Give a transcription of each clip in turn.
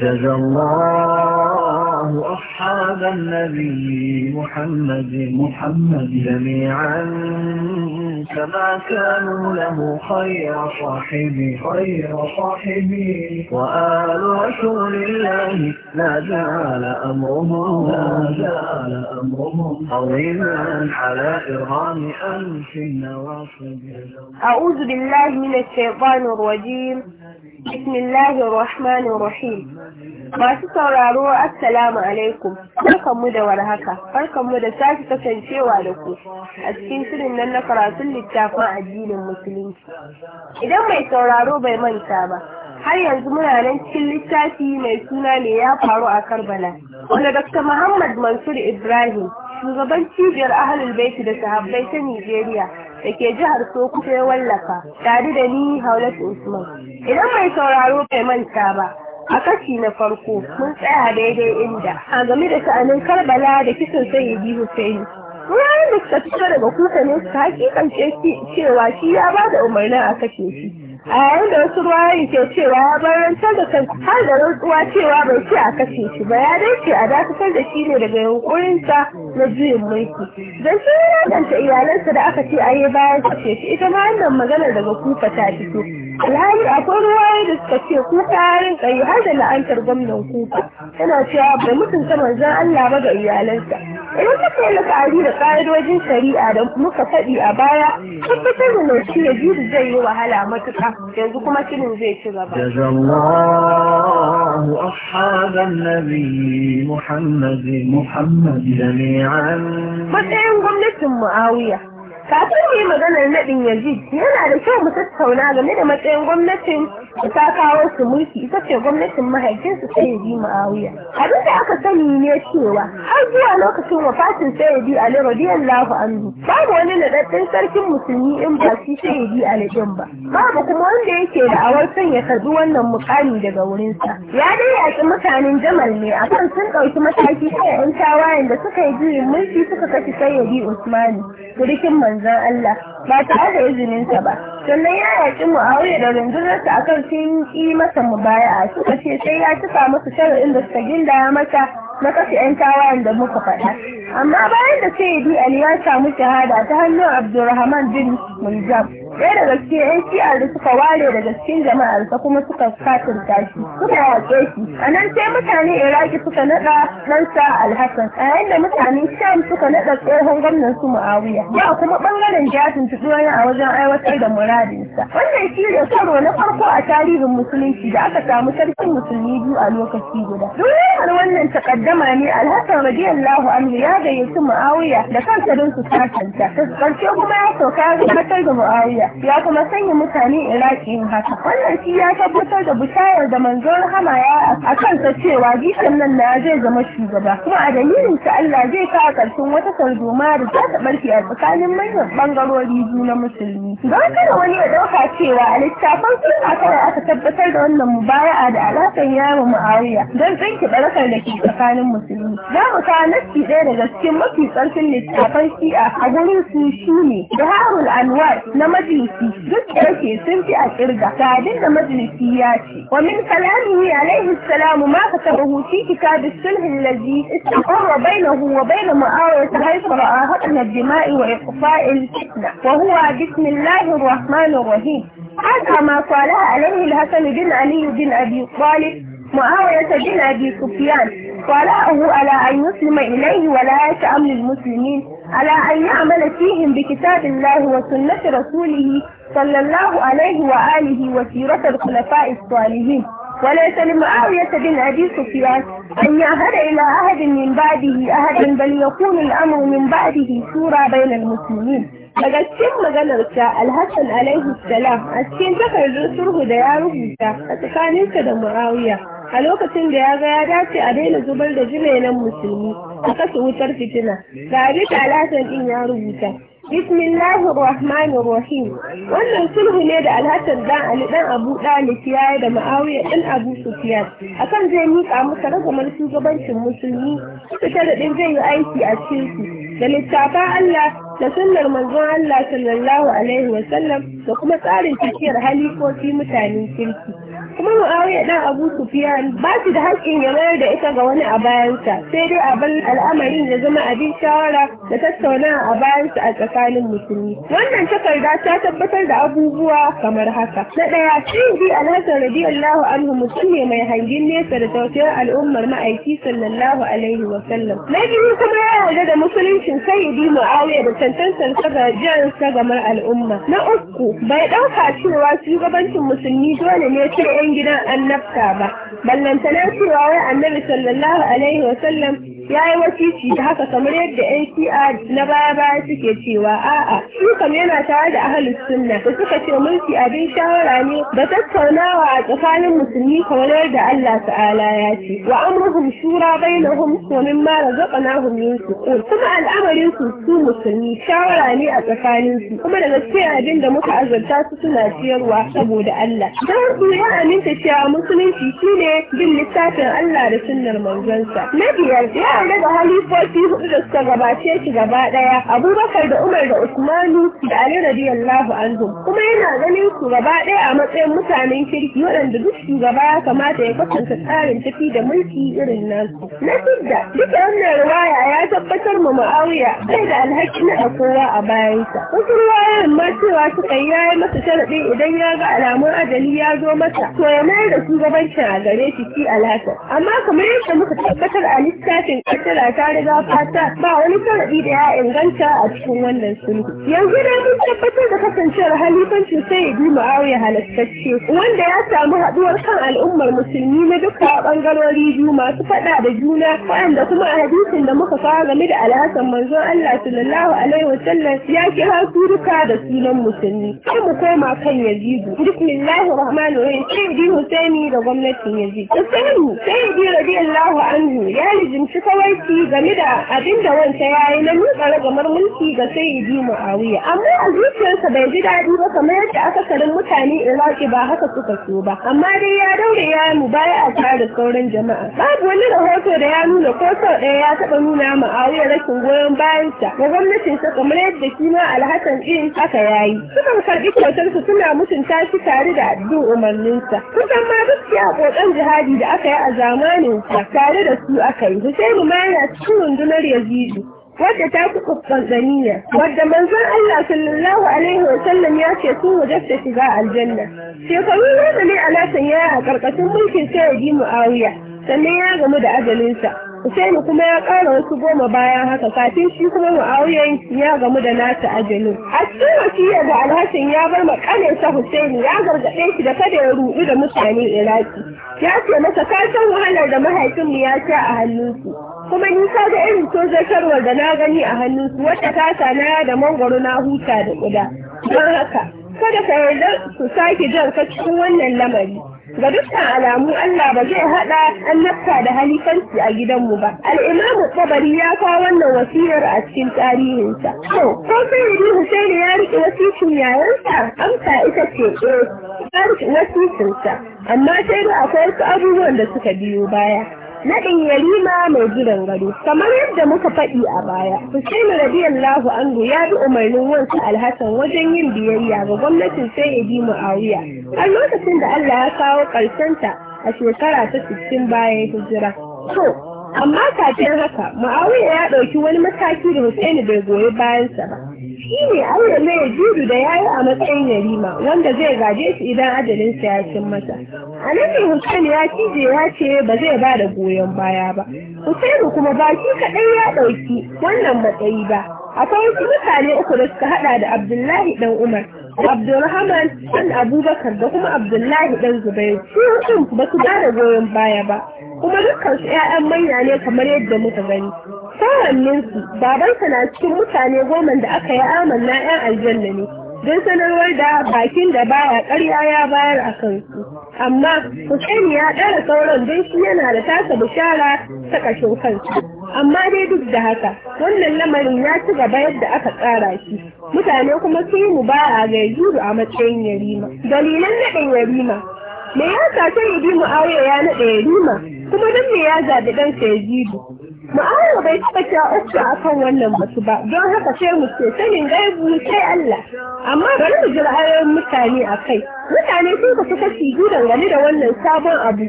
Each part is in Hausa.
جزى الله أصحاب النبي محمد محمد جميعا فما كانوا له خير صاحبي خير صاحبي وآل رسول الله لا زال أمرهم لا زال أمرهم عظيما على إرهام أنف النواصب أعوذ بالله من الشيطان الرجيم بسم الله الرحمن الرحيم masu sauraro assalamu alaikum barkanmu da warhaka barkanmu da sake kasancewa da ku a cikin shirin nan na karatun littafin addinin musulunci idan mai sauraro bai manta ba har yanzu muna nan cikin littafi mai suna ne ya faru a karbala wanda dr muhammad mansur ibrahim shugaban cibiyar ahalul baiti da sahabbai ta nigeria da ke jihar sokoto ya wallafa tare da ni haulat usman idan mai sauraro bai manta ba a kashi na farko mun tsaya daidai inda a game da sa'anin karbala da kisan sayyidi hussein Wuraren da suka fito daga kuka ne suka hakikance cewa shi ya ba da umarnin a kashe shi. A yayin da wasu yin ke cewa ya bar rantar da kan har da rantsuwa cewa bai ce a kashe shi ba ya dace a dakatar da shi ne daga yunkurinsa na juyin mulki. Don ya danta iyalansa da aka ce a yi bayan kashe shi ita ma wannan maganar daga kuka ta fito. alhali akwai ruwaye da suka ce kuka yayin tsayi har da la'antar gwamnan kuka tana cewa bai mutunta manzon Allah ba ga iyalansa idan ka kai la'akari da ƙa'idojin shari'a da muka faɗi a baya tabbatar da nauci ya jiri zai yi wahala matuƙa yanzu kuma shirin zai ci gaba. jazakallahu ashaban nabi muhammadin muhammad jami'an matsayin gwamnatin mu'awiya kafin yi maganar naɗin yazid yana da kyau mu tattauna game da matsayin gwamnatin ta kawo su mulki ita ce gwamnatin mahaifinsu sayyidi ma'awiya abin da aka sani ne cewa har zuwa lokacin wafatin biyan ali radiyallahu anhu babu wani nadaddin sarkin musulmi in ba shi sayyidi ali din ba babu kuma wanda yake da awar son ya karbi wannan mukami daga wurinsa ya dai yaki mutanen jamal ne akan sun ɗauki mataki kan yan tawayen da suka yi juyin mulki suka kashe sayyidi usmani gurikin manzon allah ba tare da izininsa ba sannan ya yaki mu'awiya da rundunarsa akan sun yi masa mubaya'a suka ce sai ya cika musu shari'in da suka gindaya masa na kashe 'yan tawayen da muka faɗa amma bayan da sai ali ya samu shahada ta hannun abdulrahman bin muljam ɗaya daga cikin yan shi'ar da suka ware daga cikin jama'arsa kuma suka katinta shi suka yaƙe shi a nan sai mutane iraki suka naɗa sa alhassan a yayin da mutane sham suka naɗa tsohon gwamnan su muawiya ya kuma ɓangaren jafin tuɗuwani a wajen aiwatar da muradinsa wannan shi ne karo na farko a tarihin musulunci da aka samu sarkin musulmi biyu a lokaci guda duniyar wannan takaddama ne alhassan radiyallahu anhu ya gayyaci muawiya da kansa don su kasanta ƙarshe kuma ya sauka ya gabatar da muawiya ya kuma sanya mutane Iraki yin haka. Wannan shi ya tabbatar da bushayar da manzon Rahama ya a kansa cewa gishin nan na zai zama shugaba. Kuma a dalilin sa Allah zai kawo ƙarshen wata tarzoma da za ta barke a tsakanin manyan bangarori biyu na musulmi. Don kada wani ya ɗauka cewa a littafan suna kawai aka tabbatar da wannan mubaya'a da alaƙar yaro Muawiya don tsinki barakar da ke tsakanin musulmi. Za mu kawo nasti ɗaya daga cikin mafi ƙarfin littafan shi'a a gurin su shi ne. harul Anwar na maji zuciyar ke sun fi a kirga ga abin da majalisi ya ce wa min kalamihi alaihi salamu ma ka taba huci kitab sulh allazi istaqarra bainahu wa bain mu'awiyah haythu ra'a hadna ad-dima'i wa iqfa'i al-fitna wa huwa bismillahir rahmanir rahim haka ma qala alaihi al-hasan bin ali bin abi talib معاوية بن أبي سفيان ولاءه على أن يسلم إليه ولاية أمن المسلمين على أن يعمل فيهم بكتاب الله وسنة رسوله صلى الله عليه وآله وسيرة الخلفاء الصالحين وليس لمعاوية بن أبي سفيان أن يعهد إلى أحد من بعده أحد بل يكون الأمر من بعده شورى بين المسلمين daga cikin maganarta alhassan alaihi salam a cikin takardar sulhu da ya rubuta a tsakaninsa da muawiya a lokacin da ya ga ya dace a daina zubar da jinainan musulmi a wutar fitina ga abin alasan din ya rubuta Bismillahir Rahmanir Rahim. Wannan sulhu ne da Alhassan dan Ali dan Abu Dalib ya da Muawiya dan Abu Sufyan akan zai mika masa ragamar shugabancin musulmi su ta da zai yi aiki a cikin da littafan Allah da sunnar manzon Allah sallallahu alaihi wa sallam da kuma tsarin tafiyar halifofi mutane kirki. Kuma Muawiya dan Abu Sufyan ba da haƙƙin ya mayar da ita ga wani a bayansa sai dai a al'amarin ya zama abin shawara da tattaunawa a bayansa a tsakanin tsakanin musulmi wannan takarda ta tabbatar da abubuwa kamar haka na ɗaya shi alhassan radiyallahu anhu mutum ne mai hangin nesa da tausayar al'ummar ma'aiki sallallahu alaihi wa sallam na biyu kuma ya yarda da musuluncin sayyidi mu'awiya da tantantar sa ga sa gamar al'umma na uku bai ɗauka cewa shugabancin musulmi dole ne sai 'yan gidan annabta ba ballantana cewa wai annabi sallallahu alaihi wa sallam ya yi wasici da haka kamar yadda yan shi'a na baya baya suke cewa a'a su kam yana tare da ahalus sunna da suka ce mulki abin shawara ne Ba tattaunawa a tsakanin musulmi kamar yadda Allah ta'ala ya ce wa amruhum shura bainahum wa mimma razaqnahum yunfiqun kuma al'amarin su su musulmi shawara ne a tsakanin su kuma da gaske abin da muka azurta su suna ciyarwa saboda Allah dan su ya aminta cewa musulunci shine bin littafin Allah da sunnar manzansa na biyar ya tare da halifofi hudu da suka gabace shi gaba daya abubakar da umar da usmanu da ali radiyallahu anhu kuma yana ganin su gaba daya a matsayin mutanen kirki waɗanda duk shugaba ya kamata ya kwatanta tsarin tafi da mulki irin nasu na sidda duk wannan ruwaya ya tabbatar ma ma'auya sai da alhaki na kowa a bayansa wasu ruwayoyin ma cewa kai ya yi masa sharaɗi idan ya ga alamun ajali ya zo masa to ya mayar da shugabancin a gare shi shi alhaka amma kamar yadda muka tabbatar a littafin tattara ta riga fata ba wani sharaɗi da ya inganta a cikin wannan sulhu. Yanzu dai mun tabbatar da kasancewar ya Sayyidu Muawiya halartacce. wanda ya samu haɗuwar kan al'ummar musulmi na duka bangarori biyu masu faɗa da juna waɗanda kuma a hadisin da muka kawo game da alhassan manzon Allah sallallahu alaihi wa sallam ya kira su duka da sunan musulmi. Sai mu koma kan Yazidu. bismillahi Rahmanir Rahim. Sayyidi Husaini da gwamnatin Yazid. Husaini Sayyidi radiyallahu anhu ya rijimci yawanci game da abin da wanta ya yi na nuna ragamar mulki ga ji muawiya amma a zuciyarsa bai ji daɗi ba kamar yadda aka karin mutane iraki ba haka suka so ba amma dai ya daure ya mu baya a tare da sauran jama'a babu wani rahoto da ya nuna ko sau ɗaya ya taɓa nuna muawiya rashin goyon bayansa ga gwamnatinsa kamar yadda shi ma alhassan ɗin haka ya yi sukan karɓi kyautarsa suna mutunta shi tare da bin umarninsa kusan ma ya ƙoƙon jihadi da aka yi a zamaninsa tare da su aka yi mu. Rumana cikin rundunar Yazidu, wadda ta fi ne. wadda manzon Allah sallallahu Alaihi sallam ya ce sun wajasta shiga aljanna. Shekaru nasa ne alasan ya a ƙarƙashin mulkin Sayyidi Mu'awiya, sannan ya gamu da ajalinsa. mu kuma ya ƙara wasu goma bayan haka kafin shi kuma mu Mu'awiyan ya gamu da nasa ajalin. A cikin wasiyar da Alhassan ya bar ma sa Husainu ya gargaɗe shi da kada ya ruɗu da mutane Iraki. Ya ce masa ka san wahalar da mahaifinmu ya sha a hannunsu. Kuma ni ka ga irin sojatarwar da na gani a hannunsu wacce ta na da mangwaro na huta da ƙuda. Don haka kada ka yarda su sake jan ka cikin wannan lamari. ga dukkan alamu Allah ba zai haɗa annabta da halifanci a gidanmu ba. Al'imamu Tabari ya kawo wannan wasiyar a cikin tarihinsa. To, ko sayyidi Hussein ya riƙe wasicin yayansa? Amsa ita ce eh, ya riƙe wasicinsa. Amma sai da akwai wasu abubuwan da suka biyo baya. naɗin yarima mai gidan gado kamar yadda muka faɗi a baya Hussein Lahu anhu ya bi umarnin wansa alhassan wajen yin biyayya ga gwamnatin sai ya bi mu'awiya har lokacin da Allah ya kawo ƙarshenta a shekara ta sittin bayan hijira to amma kafin haka mu'awiya ya ɗauki wani mataki da Hussein bai goyi bayansa ba shi ne Allah ne ya judu da yi a matsayin yarima wanda zai gaje shi idan ajalinsa ya cin masa a nan ne hussein ya cije ya ce ba zai ba da goyon baya ba hussein kuma ba shi kaɗai ya ɗauki wannan matsayi ba akwai wasu mutane uku da suka hada da abdullahi dan umar abdulrahman dan abubakar da kuma abdullahi dan zubairu su hudun ba su ba da goyon baya ba kuma dukkan su 'ya'yan manya ne kamar yadda muka gani Kawannin su, babansa na cikin mutane goma da aka yi amanna 'yan aljanna ne don sanarwar da bakin da baya karya ya bayar a kansu. Amma Hussein ya ɗara sauran don shi yana da tasa bishara ta ƙashin kansu Amma dai duk da haka, wannan lamarin ya ci gaba yadda aka tsara shi. Mutane kuma sun yi mubara ga Yajudu a matsayin Yarima. Dalilan naɗin Yarima. Me ya sa sai Yarima Aure ya naɗa Yarima? Kuma don me ya zaɓi ɗansa Yajudu? ma'ana bai taɓa sha'arsa a kan wannan batu ba don haka sai mu ce sanin gaibu sai Allah amma bari mu ji ra'ayoyin mutane a kai mutane sun kasu kashi biyu dangane da wannan sabon abu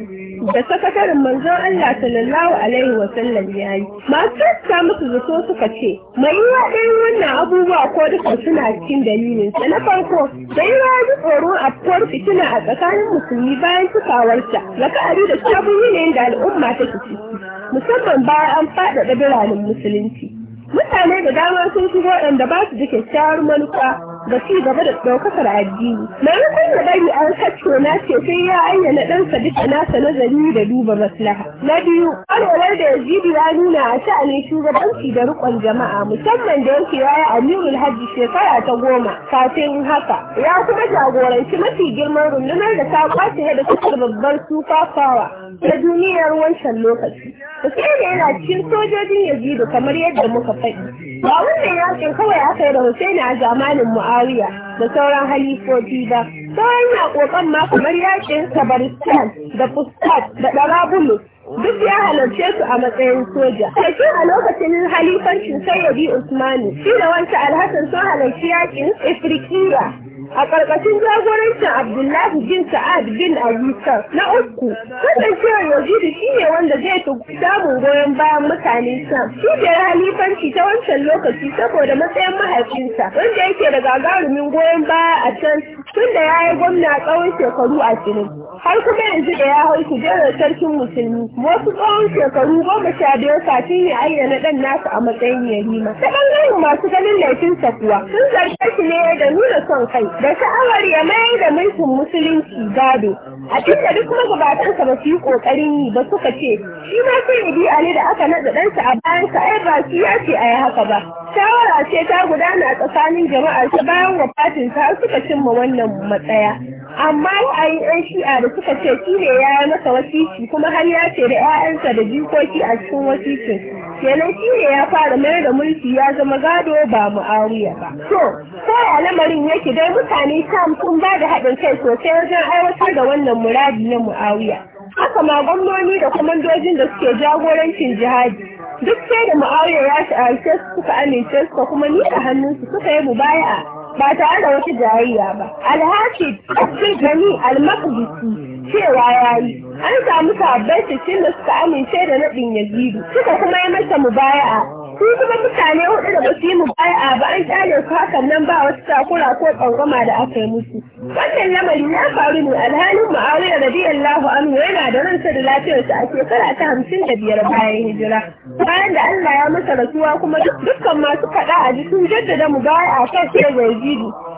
da sakataren manzon Allah sallallahu alaihi wa sallam ya yi masu musu zato suka ce mai yiwa ɗayan wannan abubuwa ko duka suna cikin dalilin sa na farko bai yiwa ji tsoron afkuwar fitina a tsakanin musulmi bayan cikawarsa ga ka'adu da yi yanayin da al'umma take ciki musamman bayan an faɗaɗa biranen musulunci mutane da dama sun shigo waɗanda ba su da kyakkyawar manufa da ci gaba da ɗaukakar addini. Maimakon ya bari an na ce sai ya ayyana ɗansa duka nasa nazari da duba maslaha. Na biyu, ƙwarewar da Yazidu ya nuna a sha'anin shugabanci da riƙon jama'a musamman da yake ya yi Amirul Hajji shekara ta goma kafin haka. Ya kuma jagoranci mafi girman rundunar da ta kwace da kusur babbar super power ta duniyar wancan lokaci. Hussein yana cikin sojojin Yazidu kamar yadda muka faɗi. Ba wannan yakin kawai aka yi da Hussein a zamanin mu'a Muawiya da sauran halifofi ba. Sauran yaƙoƙan ma kamar yaƙin Sabaristan da Fuskat da Ɗarabulus duk ya halarce su a matsayin soja. Sarki a lokacin halifancin Sayyidi Usmani, shi da wancan alhassan sun halarci yaƙin Ifrikiya a ƙarƙashin jagorancin Abdullahi bin Sa'ad bin Abusar na uku kasancewar Yazidi shi ne wanda zai fi samun goyon bayan mutane sam cibiyar halifanci ta wancan lokaci saboda matsayin mahaifinsa wanda yake da gagarumin goyon baya a can tun da ya yi gwamna tsawon shekaru ashirin har kuma yanzu da ya hau kujerar sarkin musulmi wasu tsawon shekaru goma sha biyar kafin ya ayyana ɗan nasu a matsayin yarima ta ɓangaren masu ganin laifinsa kuwa sun zarge shi ne da nuna son kai da sha'awar ya mayar da mulkin musulunci gado a cikin duk magabatansa ba su yi kokarin yi ba suka ce shi ma sai idi ali da aka naɗa ɗansa a bayansa ai ba shi ya ce a yi haka ba shawara ce ta gudana a tsakanin jama'a ta bayan wafatinsa suka cimma wannan matsaya amma la'ayin yan shi'a da suka ce shi ne ya yi masa wasiki kuma har ya ce da 'ya'yansa da jikoki a cikin wasicin kenan shi ne ya fara mayar da mulki ya zama gado ba mu'awiya ba to ko lamarin yake dai mutane tam sun ba da haɗin kai sosai wajen aiwatar da wannan muradi na mu'awiya haka ma gwamnoni da kwamandojin da suke jagorancin jihadi duk sai da mu'awiya ya shi suka amince suka kuma ni a hannunsu suka yi mubaya'a ba tare da wata jayayya ba Alhaki abdul gani al-maqdisi cewa yi. an samu sabbai cikin da suka amince da naɗin yazidu suka kuma yi masa mubaya'a su kuma mutane hudu da basu yi mubaya'a ba an kyale su hakan nan ba wasu takura ko tsangwama da aka yi musu wannan lamarin ya faru ne alhalin mu'awiya radiyallahu anhu yana da ransa da lafiyarsa a shekara ta hamsin da biyar bayan hijira bayan da Allah ya masa rasuwa kuma dukkan masu kaɗa a ji sun jaddada mu baya a kan shi da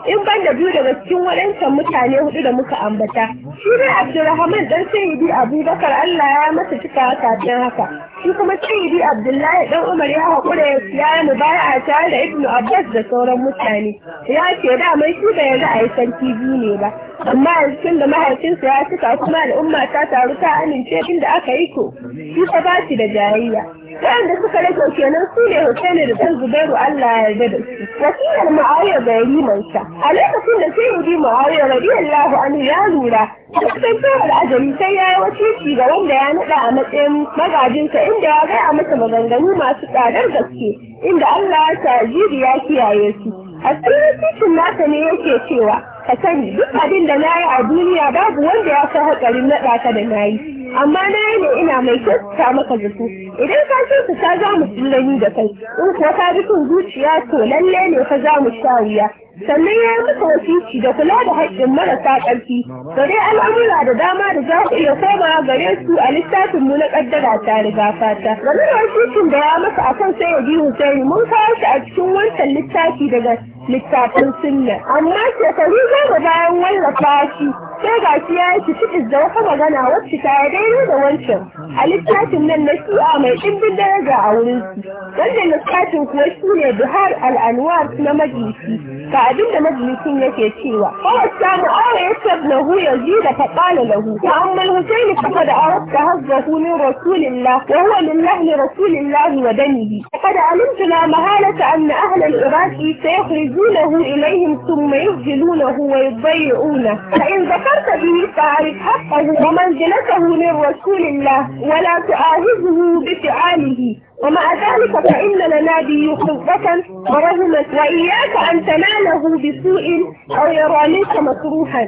in ban da biyu daga cikin waɗancan mutane hudu da muka ambata shi ne Abdulrahman dan Sayyidi Abubakar Allah ya masa cika kafin haka shi kuma Sayyidi Abdullahi dan Umar ya haƙura ya siya mu baya a tare da Ibn Abbas da sauran mutane ya ce da mai shi da yanzu a yi sarki biyu ne ba amma yanzu da mahaifinsa ya cika kuma al'umma ta taru ta amince da aka yi ko shi ta ba shi da jayayya da suka rage kenan su ne Hussaini da ɗan Zubairu Allah ya yarda da su. Wasiyar Muawiya ga yarimansa. A lokacin da sai Yudi Muawiya radiyallahu anhu ya lura kasancewar ajali sai ya yi wasici ga wanda ya naɗa a matsayin magajinsa inda ya gaya masa maganganu masu tsadar gaske inda Allah ya tajiri ya kiyaye su. A cikin wasicin nasa ne yake cewa ka sani duk abin da na yi a duniya babu wanda ya fi haƙarin naɗa ka da na yi. amma na yana ina mai kyautata maka zato idan ka kyautata za mu tsillani da kai in kuwa ka bi kun zuciya to lalle ne ka za mu sha wuya sannan ya yi maka wasici da kula da haƙƙin marasa ƙarfi da dai al'amura da dama da za ku iya komawa gare su a littafin mu na ƙaddara ta riga fata game da wasicin da ya masa akan sai ya bi Hussaini mun kawo shi a cikin wancan littafi daga littafin sunna amma shekaru goma bayan wallafa shi sai ga shi ya yi shi da wata magana wacce ta yi daidai da wancan a littafin nan na shi'a mai ɗimbin daraja a wurin su wanda littafin kuwa shi ne buhar al'anwar na majalisi ga abin da majalisin yake cewa kawasta mu'awa ya tabnahu ya ji da faɗala lahu ta amma husaini kafa da arabta hazzahu min rasulillah wa huwa lillah li rasulillah wa danihi faqad alimtu la mahalata anna ahla al-iraq sayakhrijunahu ilayhim thumma yuhjilunahu wa yudayyi'una fa in dhakarta bihi fa'arif haqqahu wa manzilatahu min rasulillah wa la tu'ahizuhu bi fi'alihi ومع ذلك فإن لنا به حبة ورهما وإياك أن تناله بسوء أو يرانيك مكروها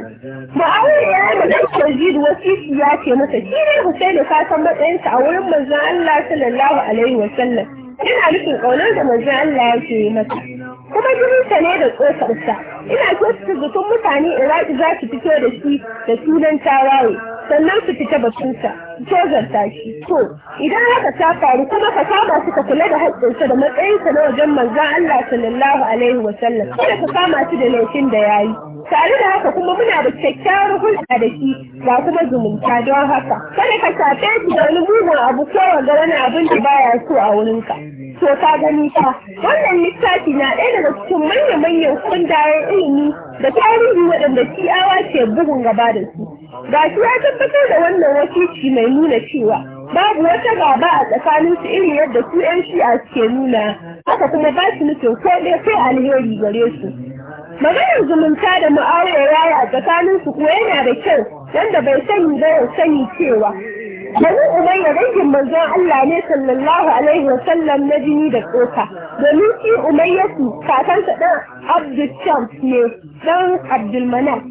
معاوية مدرس مجيد وسيس ياك مسجين الحسين فاتم بإنس أو يوم الله صلى الله عليه وسلم إن عليك القولان ده مزع الله في مكة كما جميل سنيد القوصة بسا إن أكوست في قطمة عني إراد ذاك بكورة شي تسولا تاواوي sannan su fita batunsa tozarta shi to idan haka ta faru kuma ka saba su ka kula da haƙƙinsa da matsayinsa na wajen manzan Allah sallallahu alaihi wa sallam kada ka kama su da laifin da yayi tare da haka kuma muna da kyakkyawar hulɗa da shi ga kuma zumunta don haka kada ka shafe shi da wani mugun abu ko wanda wani abin da baya so a wurinka to ka gani fa wannan littafi na ɗaya daga cikin manya-manyan kundayen ilimi da tarihi waɗanda ciyawa ke bugun gaba da su ga shi ya tabbatar da wannan wakilci mai nuna cewa babu wata gaba a tsakanin su irin yadda su yan shi'a suke nuna haka kuma ba su nufin ko ɗaya kai alheri gare su maganar zumunta da mu'awar raya a tsakanin su kuwa yana da kyau wanda bai sani ba ya sani cewa bani umayya dangin manzon Allah ne sallallahu alaihi wa sallam na jini da tsoka domin shi umayya su kakansa ɗan abdul ne dan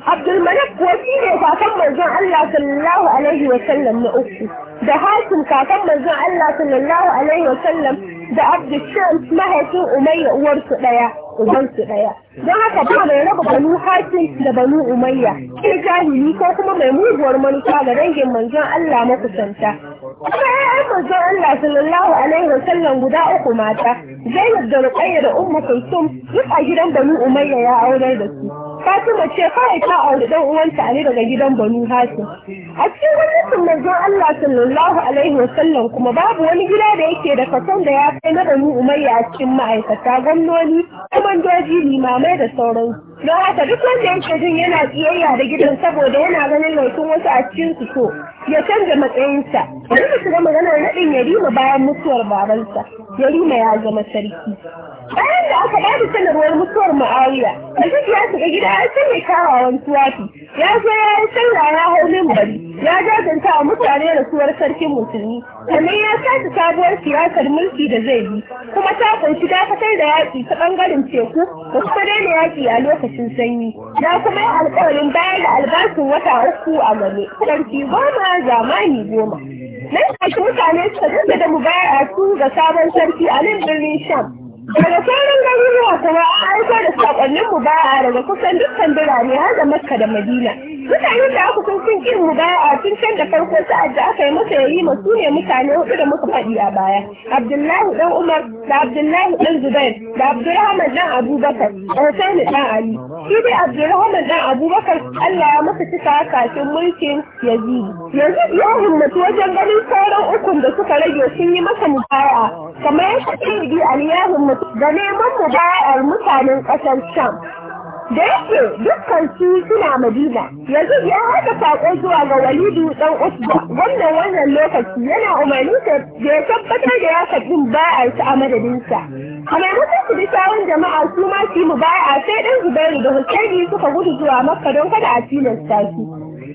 abdul manaf kuwa shi ne kakan manzon Allah sallallahu alaihi wa sallam na uku da hasim kakan manzon Allah sallallahu alaihi wa sallam da Abdulshams mahaifin Umayya uwarsu ɗaya, ubansu ɗaya. Don haka ba mai raba banu Hatim da banu Umayya, ke jahili ko kuma mai muguwar manufa ga dangin manzon Allah makusanta. Kuma ‘ya'yan manzon Allah sallallahu alaihi wa sallam guda uku mata, Zainab da Ruqayya da Ummu Kulsum duk a gidan banu Umayya ya aurar da su. Fatima ce kawai ta auri dan uwanta Ali daga gidan Banu Hatim. A cikin gwamnatin manzon Allah sallallahu alaihi wa sallam kuma babu wani gida da yake da kason da ya sai na banu umayya a cikin ma'aikata gwamnoni komandoji limamai da sauran don haka duk wanda yake jin yana tsiyayya da gidan saboda yana ganin laifin wasu a cikin su so ya canza matsayinsa bari mu shiga maganar naɗin yarima bayan mutuwar babansa yarima ya zama sarki bayan da aka bada sanarwar mutuwar ma'awiya duk ya shiga gida ya sanya kawawan tuwafi ya zo ya yi sanya ya hau bari. ya jajanta a mutane da suwar sarkin musulmi sannan ya sace sabuwar siyasar mulki da zai bi kuma ta kunshi dakatar da yaƙi ta ɓangaren teku da kuma daina yaƙi a lokacin sanyi ya kuma yi alƙawarin bayar da albashin wata uku a gane sarki goma na zamani goma. Nan kashi mutane suka dinga da mubaya su ga sabon sarki a nan birnin Sham. Daga sauran garuruwa kuma an aiko da sakonnin mubaya daga kusan dukkan birane har da Makka da Madina. mutanen da aka kun sun kin mu ba'a tun can da farko sa'ad da aka yi masa yayi ma su ne mutane hudu da muka faɗi a baya abdullahi dan umar da abdullahi dan zubair da Abdulrahman dan abubakar da husaini dan ali shi dai Abdulrahman dan abubakar allah ya masa cika kafin mulkin yazid yanzu ya himmatu wajen ganin sauran ukun da suka rage sun yi masa mubaya'a kamar yadda ali ya himmatu da neman mubaya'ar mutanen ƙasar sham da yake dukkan su suna madina yanzu ya haka sako zuwa ga walidu dan usba wanda wannan lokaci yana umarni da ya tabbatar da ya ɗin ba'a su a sa. a maimakon su bi sawun jama'a su ma su mu ba'a sai Dan zubairu da hussaini suka gudu zuwa makka don kada a tilasta shi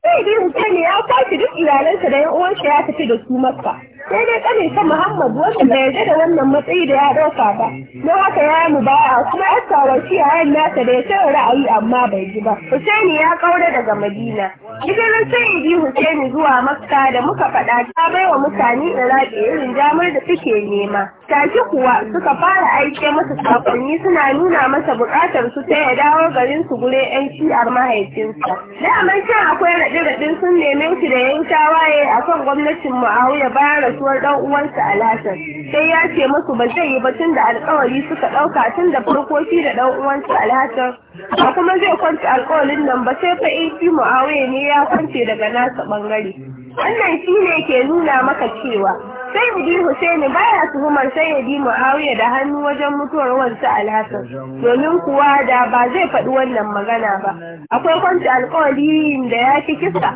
sai dai hussaini ya kwashi duk iyalansa da yan uwansa ya tafi da su makka sai dai kanin ta Muhammad wanda bai yarda da wannan matsayi da ya dauka ba don haka ya mu baya kuma ya a yayin nasa da ya san ra'ayi amma bai ji ba Husaini ya kaura daga Madina hijirar sai bi Husaini zuwa Makka da muka faɗa ta bai wa mutane Iraki irin damar da suke nema tashi kuwa suka fara aike masa sakonni suna nuna masa bukatar su sai ya dawo garin su gure yan shi'ar mahaifinsa da amman akwai raɗe-raɗin sun neme shi da yan tawaye akan gwamnatin Muawiya bayar rasuwar dan uwansa Alhassan sai ya ce musu ba zai yi ba tun da alkawari suka dauka tun da farko shi da dan uwansa Alhassan ba kuma zai kwance alkawarin nan ba sai fa AC Muawiya ne ya kwance daga nasa bangare wannan ne ke nuna maka cewa sai Idi Husaini baya tuhumar Sayyidi Muawiya da hannu wajen mutuwar wansa Alhassan domin kuwa da ba zai faɗi wannan magana ba akwai kwance alkawarin da ya fi kisa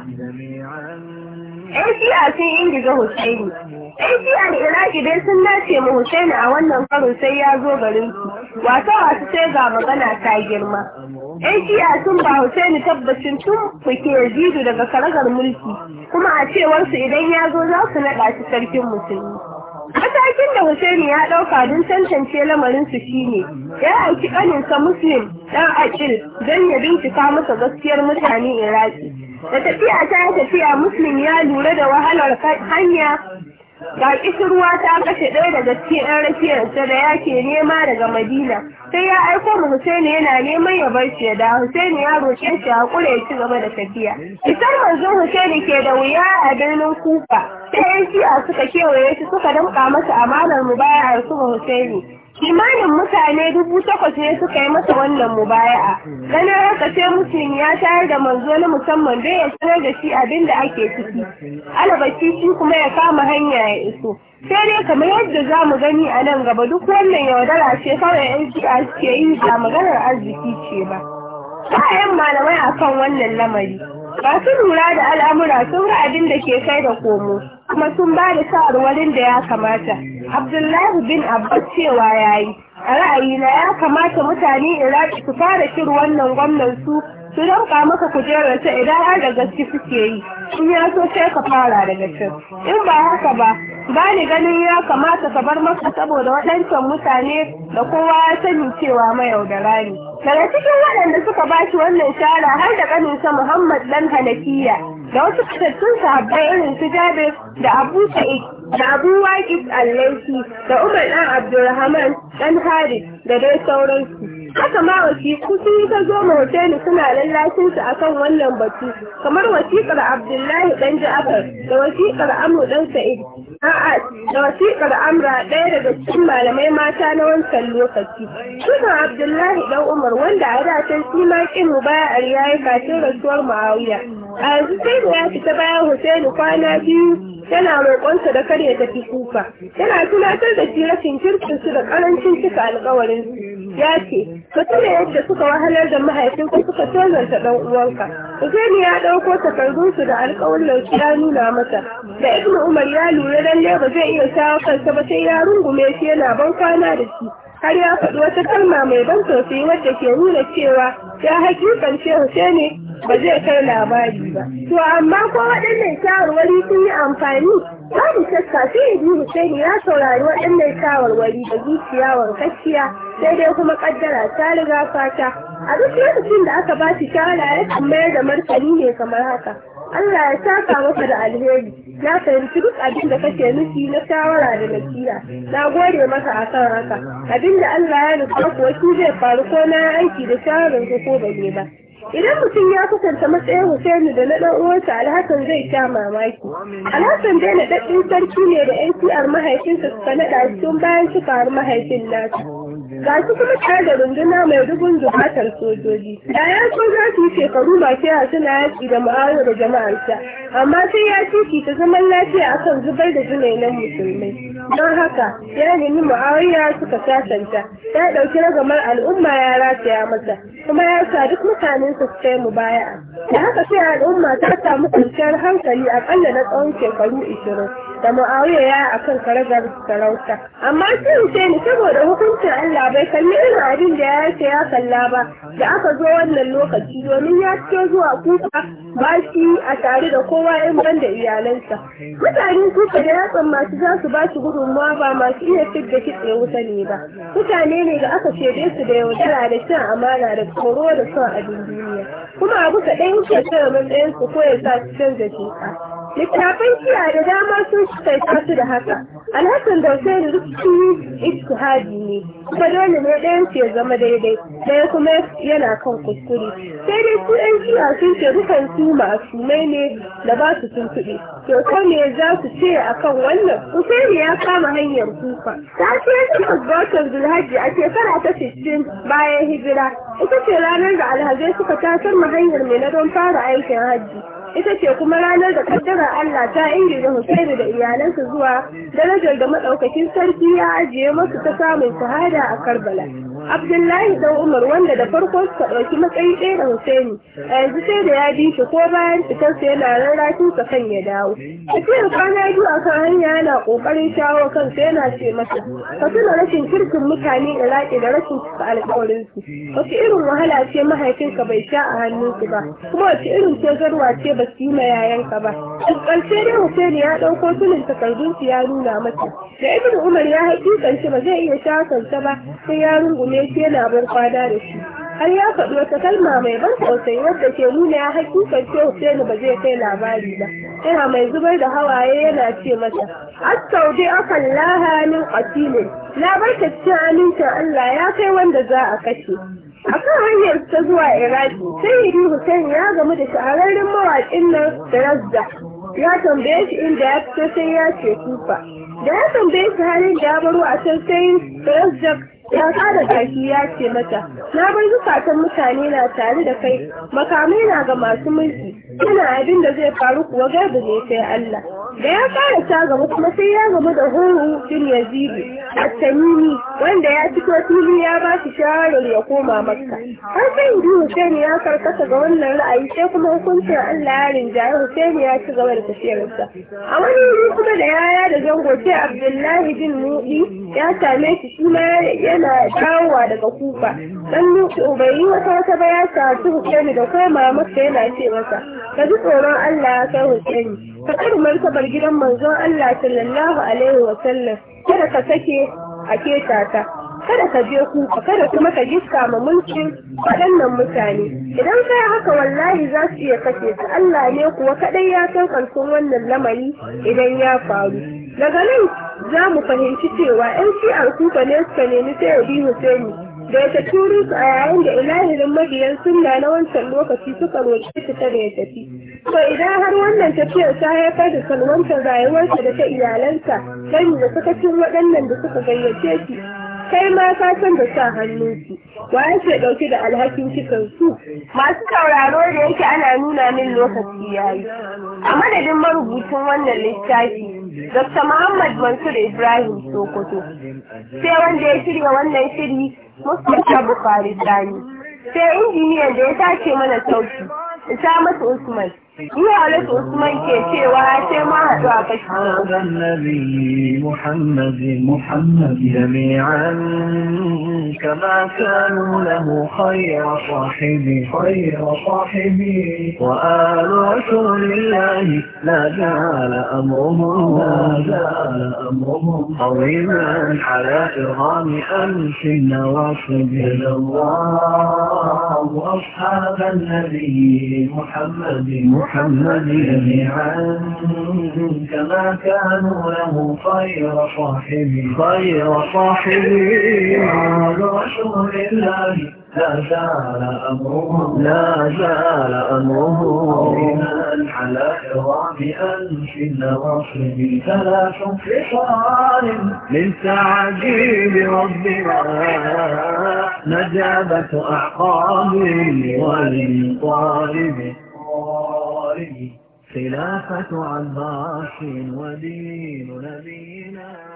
'Yan shi'a sun ingiza Hussaini. 'Yan shi'ar Iraki sun nace mu Hussaini a wannan karin sai ya zo garin su. Wasa wasu sai ga magana ta girma. 'Yan shi'a sun ba Hussaini tabbacin tun fuke Yazidu daga karagar mulki. Kuma a cewarsu idan ya zo za su naɗa shi sarkin musulmi. Matakin da Hussaini ya ɗauka don tantance lamarinsu shine ya aiki ƙaninsa Muslim ɗan Akil don ya bincika masa gaskiyar mutane Iraki. da tafiya ta yi tafiya muslim ya lura da wahalar hanya ga ruwa ta kashe ɗaya daga cikin ɗan rakiyarsa da ya ke nema daga madina sai ya aiko mu husaini yana neman ya bar shi da husaini ya roƙe shi a ƙure ya ci gaba da tafiya isar manzon husaini ke da wuya a birnin kufa sai yan shi'a suka kewaye shi suka damƙa masa amanar a su ga husaini kimanin mutane dubu takwas ne suka yi masa wannan mubaya'a ganin haka sai musulmi ya tayar da manzo na musamman don ya sanar da shi abin da ake ciki alabaci shi kuma ya kama hanya ya iso sai dai kamar yadda za mu gani a nan gaba duk wannan yaudara ce kawai yan shi'a suke yi ba maganar arziki ce ba ba malamai akan wannan lamari masu lura da al'amura sun ra abin da ke kai da komo kuma sun ba da wurin da ya kamata abdullahi bin abbas cewa ya yi a ra'ayina ya kamata mutane iraki su fara shiru wannan gwamnan su su don maka kujerarsa ta idan har da gaske suke yi in ya so sai ka fara daga can in ba haka ba ba ni ganin ya kamata ka bar maka saboda waɗancan mutane da kowa ya sani cewa mayaudara ne daga cikin waɗanda suka ba shi wannan shara har da ƙaninsa Muhammad ɗan Hanafiya da wasu fitattun sahabbai irin su Jabir da Abu Sa'id da Abu Waqif al da Umar dan Abdulrahman ɗan Harith da dai sauransu haka ma wasiku sun yi ta zo ma suna lallashin su akan wannan batu kamar wasiƙar abdullahi ɗan ja'afar da wasiƙar amru ɗan sa'id a'a da wasiƙar amra ɗaya daga cikin malamai mata na wancan lokaci sukan abdullahi ɗan umar wanda a da can shi ma ƙin mubaya'ar kafin rasuwar muawiya a yanzu sai da ya fita bayan Hussaini kwana biyu tana roƙonsa da kar ya tafi kufa tana tunatar da shi rashin kirkinsu da ƙarancin cika alƙawarin ya ce ka tuna yadda suka wahalar da mahaifinka suka tozarta ɗan uwanka Hussein ya ɗauko takardunsu da lauci ya nuna masa da Ibn Umar ya lura don ba zai iya shawo kansa ba sai ya rungume shi yana ban kwana da shi har ya faɗi wata kalma mai ban tausayi wadda ke nuna cewa ya haƙiƙance Hussaini ba zai kai labari ba to amma ko waɗannan shawarwari sun yi amfani babu shakka sai ibi hussein ya saurari waɗannan shawarwari da zuciya warkakkiya sai dai kuma kaddara ta riga fata a duk lokacin da aka ba shi shawara ya mayar da martani ne kamar haka Allah ya saka maka da alheri na fahimci duk abin da kake nufi na shawara da nasira na gode maka akan haka abin da Allah ya nufa kuwa shi zai faru ko na aiki da shawarar ko ba ba idan mutum ya kusanta matsayin Husaini da na ɗan uwansa Alhassan zai sha mamaki. Alhassan dai na sarki ne da 'yan mahaifinsa suka naɗa cikin bayan su faru mahaifin nasu. Ga su kuma tare da runduna mai dubun zubatar sojoji. Da ya za su yi shekaru ba kira suna yaƙi da ma'ayar da jama'arsa, amma sai ya ciki ta zaman lafiya akan zubar da na musulmai. Don haka, ya nemi mu'awiya suka sasanta, ya ɗauki ragamar al'umma ya ya masa, kuma ya sa duk mutanen su sai mu baya. Da haka sai al'umma ta samu kwanciyar hankali a aƙalla na tsawon shekaru ishirin. da Muawiya ya kan karagar sarauta amma sai ni, saboda hukuncin Allah bai kalli irin abin da ya ce ya kalla ba da aka zo wannan lokaci domin ya ce zuwa kuka ba shi a tare da kowa yan ban da iyalansa Mutane kuka da yatsan masu za su ba su gudunmawa ba masu iya da kitse wuta ne ba mutane ne da aka shaide su da yaudara da shan amana da tsoro da son abin duniya kuma abu kaɗai yake kira matsayin su ko ya sa su canza shi. littafan kiya da dama sun shaita su da haka alhassan da hussein duk su ijtihadi ne kuma dole ne ɗayan ya zama daidai ɗaya kuma yana kan kuskure sai dai su ɗan kiya sun ce dukan su masumai ne da ba su sun kuɗi ne za su ce akan wannan hussein ya kama hanyar kufa ta ce takwas ga zulhaji a shekara ta 16 bayan hijira ita ce ranar da alhazai suka tasar hanyar mai na don fara aikin hajji ita ce kuma ranar da kaddarar Allah ta ingiza Hussaini da iyalansa zuwa darajar da maɗaukakin sarki ya ajiye masu ta samun shahada a Karbala. Abdullahi dan Umar wanda da farko suka ɗauki matsayi ɗaya da Husaini a yanzu sai da ya bi shi ko bayan sa yana rarrakin sa kan ya dawo. Tafiyar kwana biyu a kan hanya yana ƙoƙarin shawo kansa yana ce masa ka tuna rashin kirkin mutane Iraki da rashin cika alƙawarinsu. Wace irin wahala ce mahaifinka bai sha a hannunsu ba kuma wace irin tozarwa ce ba su yi ma yayanka ba. Ƙarshe dai hussaini ya ɗauko tunin takardunsu ya nuna masa da Ibn Umar ya haƙiƙance ba zai iya sha kansa ba sai ya rungu rungume shi yana bar kwana da shi har ya faɗi wata kalma mai ban tausayi wadda ke nuna ya hakikan ce Hussein ba zai kai labari ba yana mai zubar da hawaye yana ce mata astaudi akan lahanin qatilin na ta cikin amincin Allah ya kai wanda za a kashe akan hanyar ta zuwa Iraki sai Hussein ya gamu da shahararren mawaƙin nan da ya tambaye shi inda ya fito sai ya ce kufa da ya tambaye shi halin da ya baro a can sai ya kada tashi ya ce mata na bar zukatan mutane na tare da kai makamai na ga masu mulki yana abin da zai faru kuwa garba ne sai Allah da ya fara ta gaba kuma sai ya gaba da horo bin yazidi a tsanini wanda ya fito fili ya ba shi shawarar ya koma makka har sai inji hussein ya karkata ga wannan ra'ayi sai kuma hukuncin Allah ya rinjaye hussein ya ci gaba da tafiyarsa a wani wuri kuma da yaya da zango sai abdullahi bin muɗi ya same shi shi ma ya yana dawowa daga kufa dan nufi bai yi wata wata ba ya saci hussaini da koma masa yana ce masa ka ji tsoron Allah ya kai hussaini ka kar martabar gidan manzon Allah sallallahu alaihi wa sallam kada ka sake a keta ta kada ka je kuka kada kuma ka giska ma mulkin waɗannan mutane idan kai haka wallahi za su iya kashe ta Allah ne kuwa kaɗai ya san kantin wannan lamari idan ya faru daga nan za mu fahimci cewa yan shi'ar kufa ne suka nemi sayar bi husaini da ya tafi su a yayin da ilahirin mabiyan sunna na wancan lokaci suka roƙi ta ta da ya tafi to idan har wannan tafiyar ta haifar da salwantar rayuwarsa da ta iyalansa gani da cin waɗannan da suka gayyace shi kai ma ka san da sa hannunki wa ce dauke da alhakin cikin su masu sauraro da yake ana nuna min lokaci yayi a madadin marubucin wannan littafi Dr. Muhammad Mansur Ibrahim Sokoto, sai wanda ya shirya wannan shiri Mustapha Bukhari Sani, sai injiniyan da ya tace mana sauki, Isa Usman. مالك أصحاب النبي محمد محمد جميعا كما كانوا له خير صاحبي خير صاحبي وآل رسول الله لا زال أمرهم لا زال أمرهم قويما على إرغام أمس النواصب إلى الله أصحاب النبي محمد محمد محمد جميعا كما كانوا له خير صاحبي خير صاحبي قال رسول الله لا زال أمره لا زال أمره بناء على إرام ألف النواصب ثلاث خصال من تعجيب ربنا نجابة أعقاب وللطالب خلافة عباس ودين نبينا